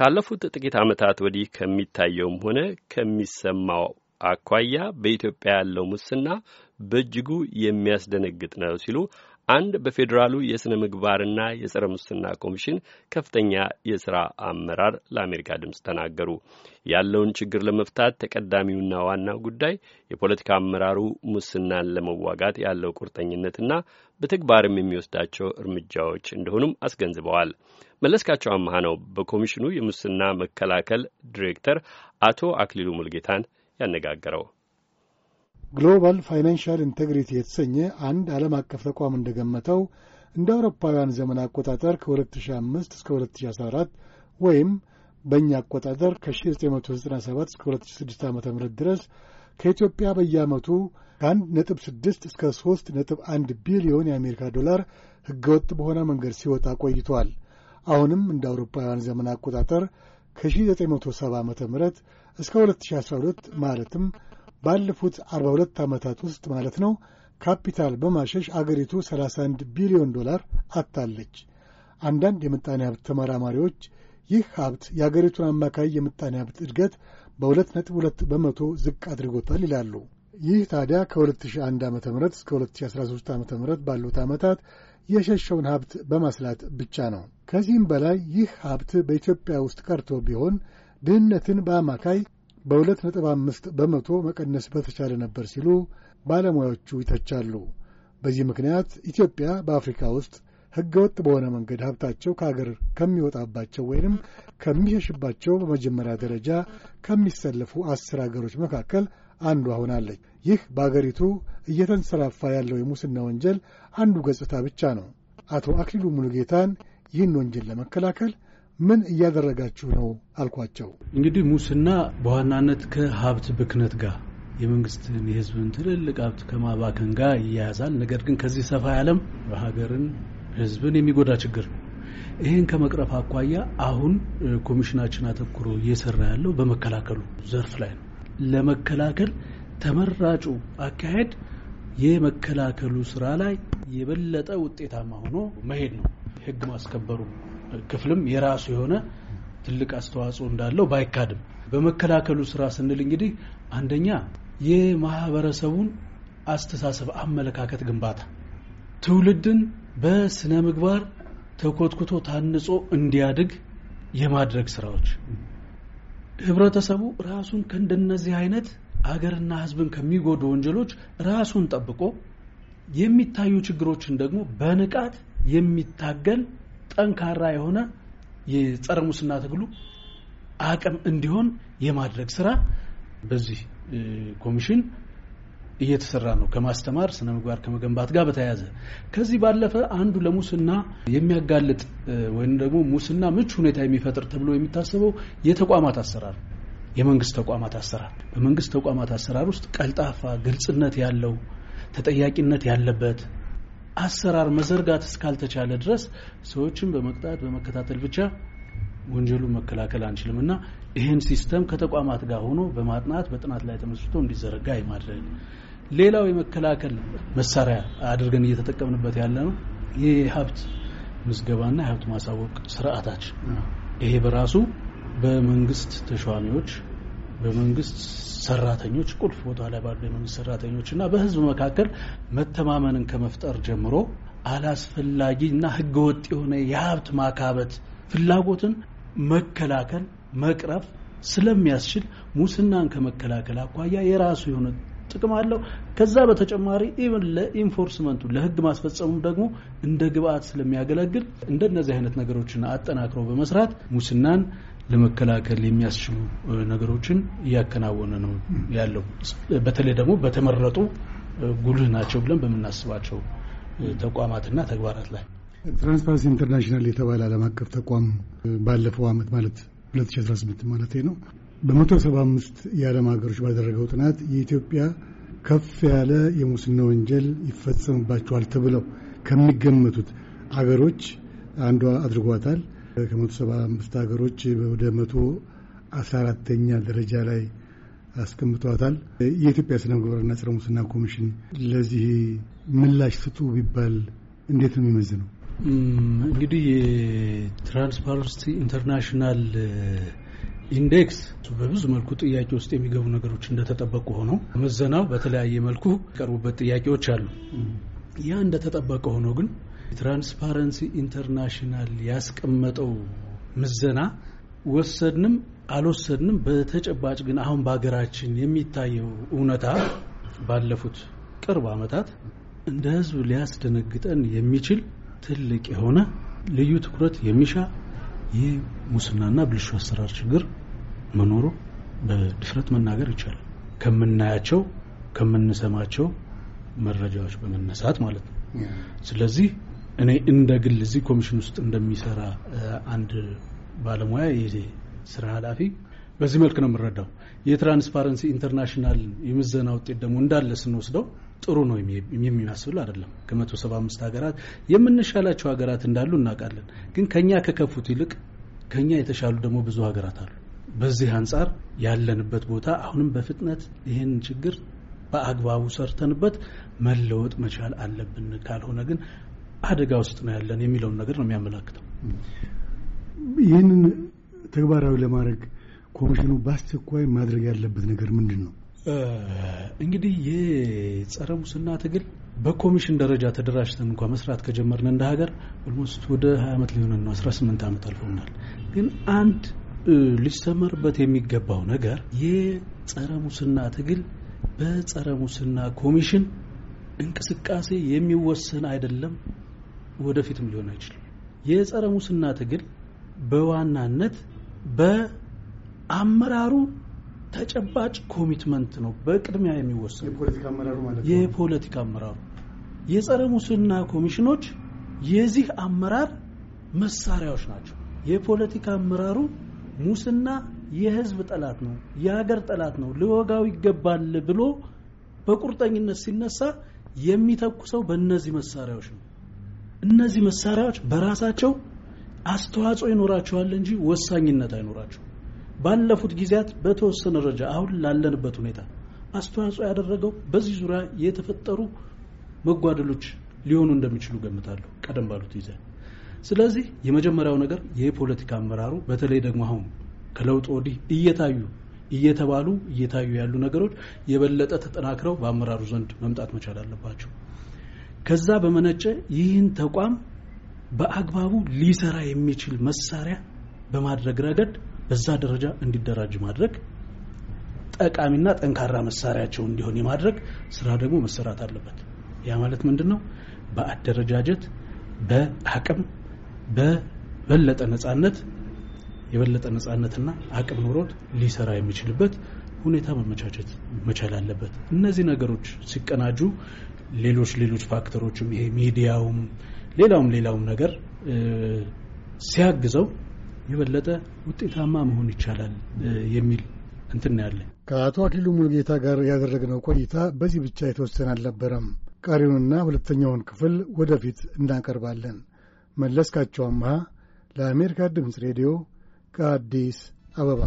ካለፉት ጥቂት ዓመታት ወዲህ ከሚታየውም ሆነ ከሚሰማው አኳያ በኢትዮጵያ ያለው ሙስና በእጅጉ የሚያስደነግጥ ነው ሲሉ አንድ በፌዴራሉ የሥነ ምግባርና የጸረ ሙስና ኮሚሽን ከፍተኛ የሥራ አመራር ለአሜሪካ ድምፅ ተናገሩ። ያለውን ችግር ለመፍታት ተቀዳሚውና ዋናው ጉዳይ የፖለቲካ አመራሩ ሙስናን ለመዋጋት ያለው ቁርጠኝነትና በተግባርም የሚወስዳቸው እርምጃዎች እንደሆኑም አስገንዝበዋል። መለስካቸው አመሃ ነው በኮሚሽኑ የሙስና መከላከል ዲሬክተር አቶ አክሊሉ ሙልጌታን ያነጋገረው። ግሎባል ፋይናንሻል ኢንቴግሪቲ የተሰኘ አንድ ዓለም አቀፍ ተቋም እንደገመተው እንደ አውሮፓውያን ዘመን አቆጣጠር ከ2005 እስከ 2014 ወይም በእኛ አቆጣጠር ከ1997 እስከ 2006 ዓ ም ድረስ ከኢትዮጵያ በየዓመቱ ከ1.6 እስከ 3.1 ቢሊዮን የአሜሪካ ዶላር ሕገወጥ በሆነ መንገድ ሲወጣ ቆይቷል። አሁንም እንደ አውሮፓውያን ዘመን አቆጣጠር ከ1970 ዓ ም እስከ 2012 ማለትም ባለፉት 42 ዓመታት ውስጥ ማለት ነው ካፒታል በማሸሽ አገሪቱ 31 ቢሊዮን ዶላር አጥታለች። አንዳንድ የምጣኔ ሀብት ተመራማሪዎች ይህ ሀብት የአገሪቱን አማካይ የምጣኔ ሀብት እድገት በ22 በመቶ ዝቅ አድርጎታል ይላሉ። ይህ ታዲያ ከ2001 ዓ ም እስከ 2013 ዓ ም ባሉት ዓመታት የሸሸውን ሀብት በማስላት ብቻ ነው። ከዚህም በላይ ይህ ሀብት በኢትዮጵያ ውስጥ ቀርቶ ቢሆን ድህነትን በአማካይ በሁለት ነጥብ አምስት በመቶ መቀነስ በተቻለ ነበር ሲሉ ባለሙያዎቹ ይተቻሉ። በዚህ ምክንያት ኢትዮጵያ በአፍሪካ ውስጥ ሕገወጥ በሆነ መንገድ ሀብታቸው ከአገር ከሚወጣባቸው ወይንም ከሚሸሽባቸው በመጀመሪያ ደረጃ ከሚሰለፉ አስር አገሮች መካከል አንዷ ሆናለች። ይህ በአገሪቱ እየተንሰራፋ ያለው የሙስና ወንጀል አንዱ ገጽታ ብቻ ነው። አቶ አክሊሉ ሙሉጌታን ይህን ወንጀል ለመከላከል ምን እያደረጋችሁ ነው አልኳቸው። እንግዲህ ሙስና በዋናነት ከሀብት ብክነት ጋር የመንግስትን የህዝብን ትልልቅ ሀብት ከማባከን ጋር ይያያዛል። ነገር ግን ከዚህ ሰፋ ያለም ሀገርን፣ ህዝብን የሚጎዳ ችግር ነው። ይህን ከመቅረፍ አኳያ አሁን ኮሚሽናችን አተኩሮ እየሰራ ያለው በመከላከሉ ዘርፍ ላይ ነው። ለመከላከል ተመራጩ አካሄድ የመከላከሉ ስራ ላይ የበለጠ ውጤታማ ሆኖ መሄድ ነው። ህግ ማስከበሩ ክፍልም የራሱ የሆነ ትልቅ አስተዋጽኦ እንዳለው ባይካድም በመከላከሉ ስራ ስንል እንግዲህ አንደኛ የማህበረሰቡን አስተሳሰብ፣ አመለካከት ግንባታ ትውልድን በስነ ምግባር ተኮትኩቶ ታንጾ እንዲያድግ የማድረግ ስራዎች ህብረተሰቡ ራሱን ከእንደነዚህ አይነት አገርና ህዝብን ከሚጎዱ ወንጀሎች ራሱን ጠብቆ የሚታዩ ችግሮችን ደግሞ በንቃት የሚታገል ጠንካራ የሆነ የጸረ ሙስና ትግሉ አቅም እንዲሆን የማድረግ ስራ በዚህ ኮሚሽን እየተሰራ ነው። ከማስተማር ስነ ምግባር ከመገንባት ጋር በተያያዘ ከዚህ ባለፈ አንዱ ለሙስና የሚያጋልጥ ወይም ደግሞ ሙስና ምቹ ሁኔታ የሚፈጥር ተብሎ የሚታሰበው የተቋማት አሰራር የመንግስት ተቋማት አሰራር በመንግስት ተቋማት አሰራር ውስጥ ቀልጣፋ ግልጽነት ያለው ተጠያቂነት ያለበት አሰራር መዘርጋት እስካልተቻለ ድረስ ሰዎችን በመቅጣት በመከታተል ብቻ ወንጀሉን መከላከል አንችልም እና ይህን ሲስተም ከተቋማት ጋር ሆኖ በማጥናት በጥናት ላይ ተመስርቶ እንዲዘረጋ የማድረግ ሌላው የመከላከል መሳሪያ አድርገን እየተጠቀምንበት ያለ ነው የሀብት ምዝገባና የሀብት ማሳወቅ ስርዓታችን። ይሄ በራሱ በመንግስት ተሿሚዎች በመንግስት ሰራተኞች ቁልፍ ቦታ ላይ ባሉ የመንግስት ሰራተኞች እና በህዝብ መካከል መተማመንን ከመፍጠር ጀምሮ አላስፈላጊ እና ህገወጥ የሆነ የሀብት ማካበት ፍላጎትን መከላከል፣ መቅረፍ ስለሚያስችል ሙስናን ከመከላከል አኳያ የራሱ የሆነ ጥቅም አለው። ከዛ በተጨማሪ ኢቨን ለኢንፎርስመንቱ ለህግ ማስፈጸሙም ደግሞ እንደ ግብአት ስለሚያገለግል እንደነዚህ አይነት ነገሮችን አጠናክሮ በመስራት ሙስናን ለመከላከል የሚያስችሉ ነገሮችን እያከናወነ ነው ያለው። በተለይ ደግሞ በተመረጡ ጉልህ ናቸው ብለን በምናስባቸው ተቋማትና ተግባራት ላይ ትራንስፓረንሲ ኢንተርናሽናል የተባለ ዓለም አቀፍ ተቋም ባለፈው ዓመት ማለት 2018 ማለት ነው በመቶ ሰባ አምስት የዓለም ሀገሮች ባደረገው ጥናት የኢትዮጵያ ከፍ ያለ የሙስና ወንጀል ይፈጸምባቸዋል ተብለው ከሚገመቱት አገሮች አንዷ አድርጓታል። ከመቶ ሰባ አምስት ሀገሮች ወደ መቶ አስራ አራተኛ ደረጃ ላይ አስቀምጧታል። የኢትዮጵያ ስነ ምግባርና ጸረ ሙስና ኮሚሽን ለዚህ ምላሽ ስጡ ቢባል እንዴት ነው የሚመዝነው? እንግዲህ የትራንስፓረንሲ ኢንተርናሽናል ኢንዴክስ በብዙ መልኩ ጥያቄ ውስጥ የሚገቡ ነገሮች እንደተጠበቁ ሆነው ምዘናው በተለያየ መልኩ ቀርቡበት ጥያቄዎች አሉ። ያ እንደተጠበቀ ሆኖ ግን ትራንስፓረንሲ ኢንተርናሽናል ያስቀመጠው ምዘና ወሰድንም አልወሰድንም በተጨባጭ ግን አሁን በሀገራችን የሚታየው እውነታ ባለፉት ቅርብ ዓመታት እንደ ሕዝብ ሊያስደነግጠን የሚችል ትልቅ የሆነ ልዩ ትኩረት የሚሻ ሙስናና ብልሹ አሰራር ችግር መኖሩ በድፍረት መናገር ይቻላል። ከምናያቸው ከምንሰማቸው መረጃዎች በመነሳት ማለት ነው። ስለዚህ እኔ እንደ ግል እዚህ ኮሚሽን ውስጥ እንደሚሰራ አንድ ባለሙያ ስራ ኃላፊ በዚህ መልክ ነው የምረዳው የትራንስፓረንሲ ኢንተርናሽናል የምዘና ውጤት ደግሞ እንዳለ ስንወስደው ጥሩ ነው የሚያስብል አይደለም። ከመቶ ሰባ ሀገራት የምንሻላቸው ሀገራት እንዳሉ እናውቃለን። ግን ከኛ ከከፉት ይልቅ ከኛ የተሻሉ ደግሞ ብዙ ሀገራት አሉ። በዚህ አንጻር ያለንበት ቦታ አሁንም በፍጥነት ይህን ችግር በአግባቡ ሰርተንበት መለወጥ መቻል አለብን። ካልሆነ ግን አደጋ ውስጥ ነው ያለን የሚለውን ነገር ነው የሚያመላክተው። ይህንን ተግባራዊ ለማድረግ ኮሚሽኑ በአስቸኳይ ማድረግ ያለበት ነገር ምንድን ነው? እንግዲህ የጸረ ሙስና ትግል በኮሚሽን ደረጃ ተደራጅተን እንኳ መስራት ከጀመርን እንደ ሀገር ኦልሞስት ወደ 20 ዓመት ሊሆነን ነው፣ 18 ዓመት አልፎናል። ግን አንድ ሊሰመርበት የሚገባው ነገር የጸረ ሙስና ትግል በጸረ ሙስና ኮሚሽን እንቅስቃሴ የሚወሰን አይደለም፣ ወደፊትም ሊሆን አይችልም። የጸረ ሙስና ትግል በዋናነት በአመራሩ ተጨባጭ ኮሚትመንት ነው በቅድሚያ የሚወሰን የፖለቲካ አመራሩ የጸረ ሙስና ኮሚሽኖች የዚህ አመራር መሳሪያዎች ናቸው። የፖለቲካ አመራሩ ሙስና የህዝብ ጠላት ነው፣ የሀገር ጠላት ነው፣ ልወጋው ይገባል ብሎ በቁርጠኝነት ሲነሳ የሚተኩሰው በእነዚህ መሳሪያዎች ነው። እነዚህ መሳሪያዎች በራሳቸው አስተዋጽኦ ይኖራቸዋል እንጂ ወሳኝነት አይኖራቸው። ባለፉት ጊዜያት በተወሰነ ደረጃ አሁን ላለንበት ሁኔታ አስተዋጽኦ ያደረገው በዚህ ዙሪያ የተፈጠሩ መጓደሎች ሊሆኑ እንደሚችሉ ገምታለሁ። ቀደም ባሉት ይዘ ስለዚህ የመጀመሪያው ነገር የፖለቲካ አመራሩ በተለይ ደግሞ አሁን ከለውጥ ወዲህ እየታዩ እየተባሉ እየታዩ ያሉ ነገሮች የበለጠ ተጠናክረው በአመራሩ ዘንድ መምጣት መቻል አለባቸው። ከዛ በመነጨ ይህን ተቋም በአግባቡ ሊሰራ የሚችል መሳሪያ በማድረግ ረገድ በዛ ደረጃ እንዲደራጅ ማድረግ ጠቃሚና ጠንካራ መሳሪያቸው እንዲሆን የማድረግ ስራ ደግሞ መሰራት አለበት። ያ ማለት ምንድን ነው? በአደረጃጀት በአቅም በበለጠ ነጻነት የበለጠ ነጻነትና አቅም ኖሮት ሊሰራ የሚችልበት ሁኔታ መመቻቸት መቻል አለበት። እነዚህ ነገሮች ሲቀናጁ ሌሎች ሌሎች ፋክተሮችም ይሄ ሚዲያውም ሌላውም ሌላውም ነገር ሲያግዘው የበለጠ ውጤታማ መሆን ይቻላል የሚል እንትን ያለ ከአቶ አክሊሉ ሙሉጌታ ጋር ያደረግነው ቆይታ በዚህ ብቻ የተወሰነ አልነበረም። ቀሪውንና ሁለተኛውን ክፍል ወደፊት እናቀርባለን። መለስካቸው አምሃ ለአሜሪካ ድምፅ ሬዲዮ ከአዲስ አበባ